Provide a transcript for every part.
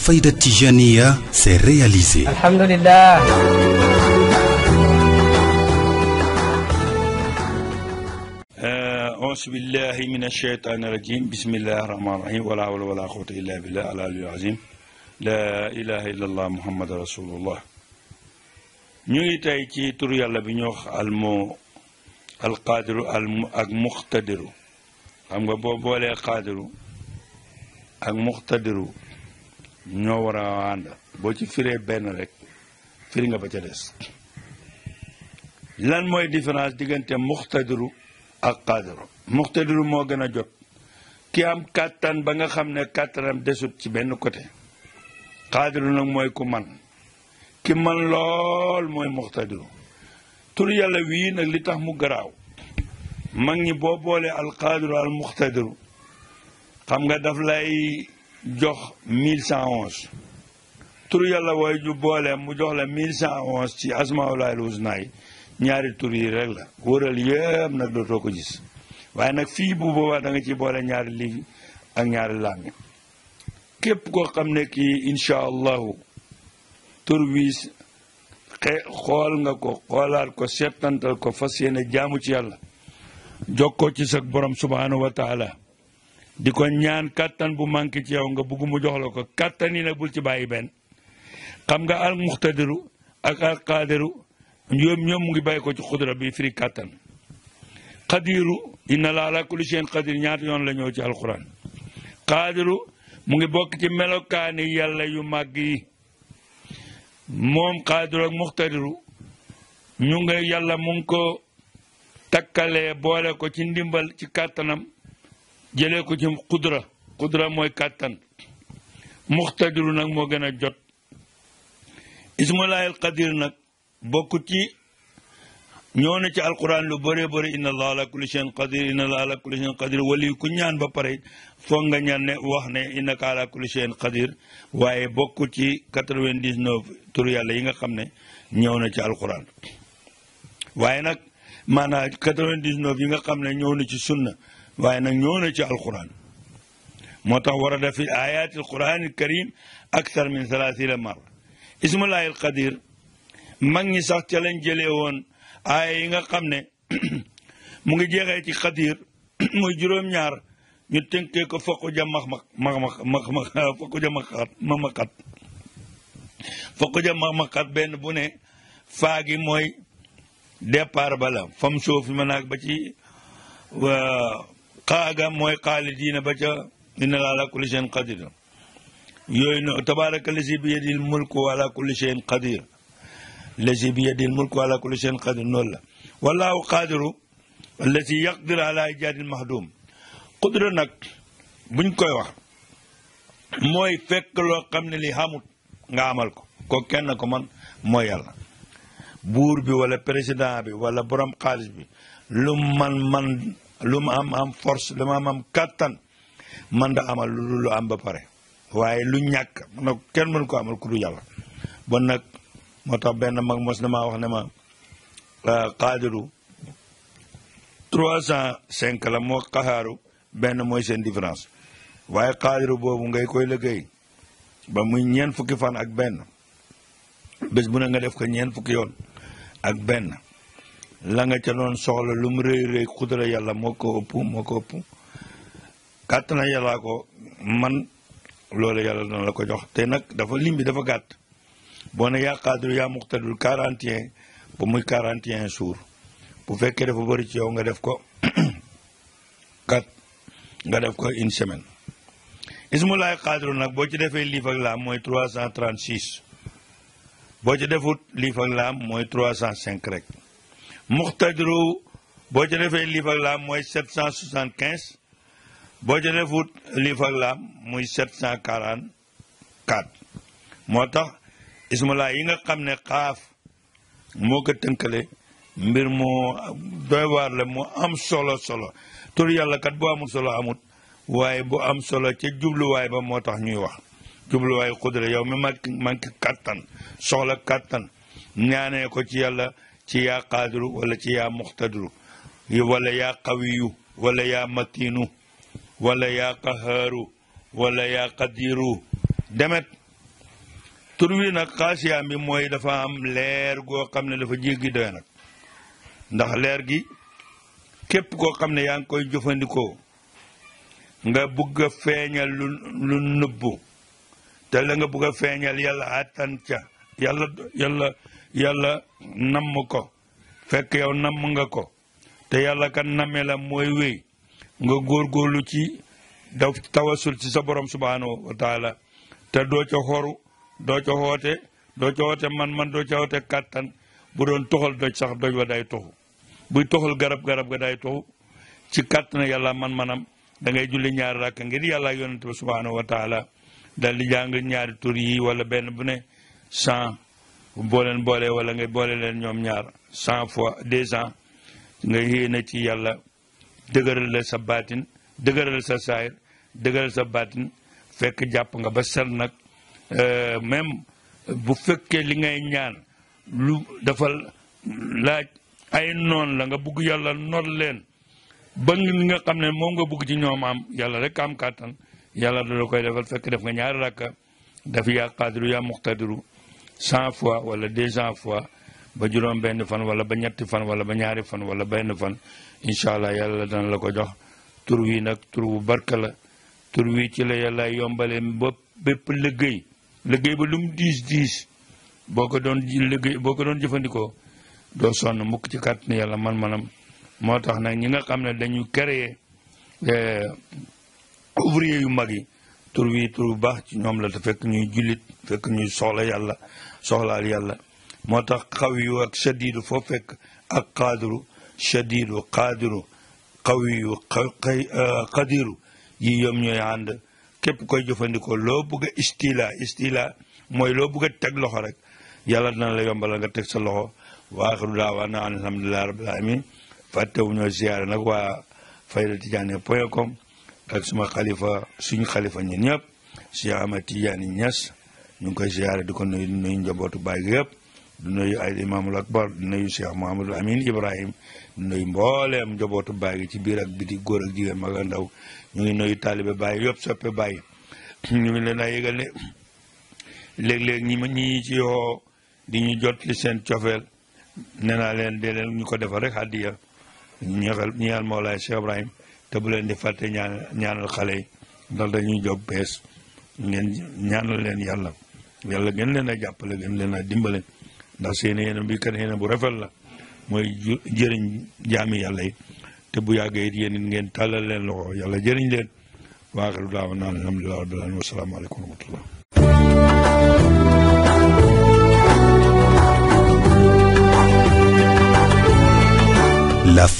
الفايدة التجانية سيرياليزي الحمد لله آه، أعوذ بالله من الشيطان الرجيم بسم الله الرحمن الرحيم ولا حول ولا قوة إلا بالله العلي العظيم لا إله إلا الله محمد رسول الله نيجي تاي تي تور يالا بي نيوخ المو القادر المقتدر خمغا بو بولي قادر المقتدر ñoo war a ànd boo ci firee benn rek firi nga ba ca des lan mooy différence diggante muxtadiru ak qaadiru muxtadiru moo gën a jot ki am kàttan ba nga xam ne kàttanam desut ci benn côté qaadiru nag mooy ku man ki man lool mooy muxtadiru tur yàlla wii nag li tax mu garaaw mag ñi boo boolee al qaadiru al muxtadiru xam nga daf lay jox 1111 tur yàlla woy ju boole mu jox la 1111 ci asmaulaahil husnaa yi ñaari tur yi rek la wëral yëpp nag dootoo ko gis waaye nag fii bu boobaa danga ci boole ñaari lii ak ñaari làmmi képp koo xam ne kii incha allahu tur wi xool nga ko xoolaat ko seetantal ko fas yéene jaamu ci yàlla jokkoo ci sa borom subhaanahu wa di ñaan katan bu manki ci yow nga bugg mu jox lako katan ni bul ci ben xam nga al muxtadiru ak al qadiru ñoom ñoom ngi bàyyi ko ci khudra bi firi katan qadiru inna la ala kulli shay'in qadir ñaat yoon la ñëw ci qur'an qadiru mu ngi bok ci melokaani yalla yu maggi mom qadiru ak muxtadiru ñu nga yalla mu ngi ko takale boole ko ci ndimbal ci katanam jëlee ko ci qudra qudra mooy kàttan muxtadiru nag moo gën a jot ismullaahil qadir nag bokku ci ñoo ne ci alquran lu bëree bëri inna allaha ala kulli shay'in qadir wali ku ñaan ba pare foog nga ñaan ne wax ne innaka ala kulli shay'in qadir waaye bokku ci 99 tur yàlla yi nga xam ne ñëw na ci alquran waaye nag maanaam 99 yi nga xam ne ñëw na ci sunna waaye nag ñëw na ci alquran moo tax warada fi ayati alquran alkarim akthar min thalathina marra ismullahi alqadir mag ñi sax ca lañ jëlee woon aaya yi nga xam ne mu ngi jeexee ci xadir muy juróom-ñaar ñu tënkee ko fokku ja max max max max max fokku ja maxat mamaxat fokku ja maxmaxat benn bu ne faagi mooy départ bala fam suuf fi ma naag ba ci xaaga mooy xaalidiina ba ca inna laa ala kulli shay'in qadir yooyu bi yadil mulku wa ala kulli shay'in qadir lazi bi yadil mulku wa ala kulli qadir noonu la wallahu qadiru allazi yaqdir ala ijaadil qudra nag buñ koy wax mooy fekk loo xam ne li xamut nga amal ko ko kenn ko man mooy yàlla buur bi wala président bi wala borom xaalis bi lum am am force lu am am man da amal lu lu am ba pare waye lu ñak nag kenn mën ko amal ku du yàlla bon nak moo tax benn mag mos dama wax ne ma ah, xaadiru trois la mo qaharu ben moy sen difference waye qadiru bobu ngay koy liggey ba muy ñen fukki fan ak ben bes bu na nga def ko ñen fukki yon ak ben la nga ca doon soxla lu mu rëy rëy xudra yàlla moo ko ëpp moo ko ëpp gàtt na yàllaa ko man loolu yàlla dana la ko jox te nag dafa lim bi dafa gàtt boo ne yaa qaadiru yaa muqtadir quarante et ba muy quarante et un suur bu fekkee dafa bëri ci yow nga def ko kat nga def ko une semaine ismulaay qaadiru nag boo ci defee liif ak laam mooy trois cent trente six boo ci defut liif ak laam mooy trois cent cinq rek muxtadiru boo ca defee liif ak laam mooy 775 boo ca defut liif ak laam muy 744 moo tax ismulaa yi nga xam ne xaaf moo ko tënkale mbir moo doy waar la mu am solo solo tur yàlla kat bu amul solo amut waaye bu am solo ca jubluwaay ba moo tax ñuy wax jubluwaay xudra yow mi manki manki kàttan soxla kàttan ñaanee ko ci yàlla ci ya qaadiru wala ci ya muqtadiru wala ya qawiyu wala ya matinu wala ya qaharu wala ya qadiru demet turwi wi nag xaasiyaam bi mooy dafa am leer go xamne dafa kep doy nak ndax leer gi kep ko xamne yang koy jofandiko nga bugg feñal lu da la nga bugg feñal yalla atanta yalla yalla yalla nam ko fekk yow nam nga ko te yalla kan namela moy mooy nga gor góorgóorlu ci daw tawasul ci sa borom subhanahu wa taala te do ci xoru do ci xoote do ci xoote man-man do ci xoote katan bu doon toxal ci sax do wa day toxu buy toxal garab-garab ga day toxu ci katna yalla man-manam da ngay julli ñaar rak ngir yalla yonentou subhanahu wa taala dal di jang ñaari tur yi wala ben bu ne 100 boo leen boolee wala nga boole leen ñoom ñaar cent fois deux ans nga yéene ci yàlla dëgëral la sa baatin dëgëral sa saayir dëgëral sa baatin fekk jàpp nga ba set nag euh, même bu fekkee li ngay ñaan lu defal laaj ay noon la nga bugg yàlla noot leen ba li nga xam ne moom nga bugg ci ñoom am yàlla rek am kàttan yàlla da la koy defal fekk def nga ñaari rakka daf yaa qaadiru yaa muqtadiru cent fois wala deux cent fois ba juróom benn fan wala ba ñetti fan wala ba ñaari fan wala benn fan incha allah yàlla dana la ko jox tur wi nag tur wu barka la tur wii ci la yàlla yombalee ba bépp liggéey liggéey ba lu mu diis diis boo ko doon liggéey boo ko doon jëfandikoo doo sonn mukk ci kàttanu yàlla man-manam moo tax nag ñi nga xam ne dañu créer eh, ouvrier yu mag yi tur wi tur bu baax ci ñoom la te fekk ñuy jullit fekk ñuy soxla yàlla soxlaal yàlla moo tax xawiyu ak shadidu foo fekk ak qaadiru shadidu qaadiru xawiyu qadiru yi yom ñooy ànd képp koy jëfandikoo loo bëgg istila istila mooy loo bëgg a loxo rek yàlla dina la yombal nga teg sa loxo wa axiru daawaana an rabbil alamin fàttewu ñoo ziyaare nag waa fayda tijaane ak suma xalifa suñu xalifa ñun ñëpp Cheikh Ahmed Tidiane Niass ñu ngi koy ziyaare di ko nuyu di njabootu baay gi yëpp di nuyu ay imaamul akbar di nuyu Cheikh Mouhamadul Amin Ibrahim di mboole mbooleem njabootu baay gi ci biir ak biti góor ak jigéen mag ak ndaw ñu ngi nuyu taalibe baay yëpp soppe baay ñu ngi leen a yëgal ne léeg-léeg ñi ma ñi ci yoo di ñu jot li seen cofeel nee naa leen dee leen ñu ko defal rek hàddiya ñeexal ñeexal Mawlaay Ibrahim te bu leen di fàtte ñaan ñaanal xale yi ndax dañuy jóg bees ngeen ñaanal leen yàlla yàlla gën leen a jàppale gën leen a dimbale ndax seen yéene bi kat bu rafet la mooy jëriñ jaami yàlla yi te bu yàggee it yéen ngeen tàllal leen loxo yalla jëriñ leen waaxiru daawanaa alhamdulilah rabbil alamin wa aleykum wa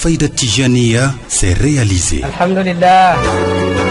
Al-Fayda Tijaniya s'est réalisé. Alhamdulillah.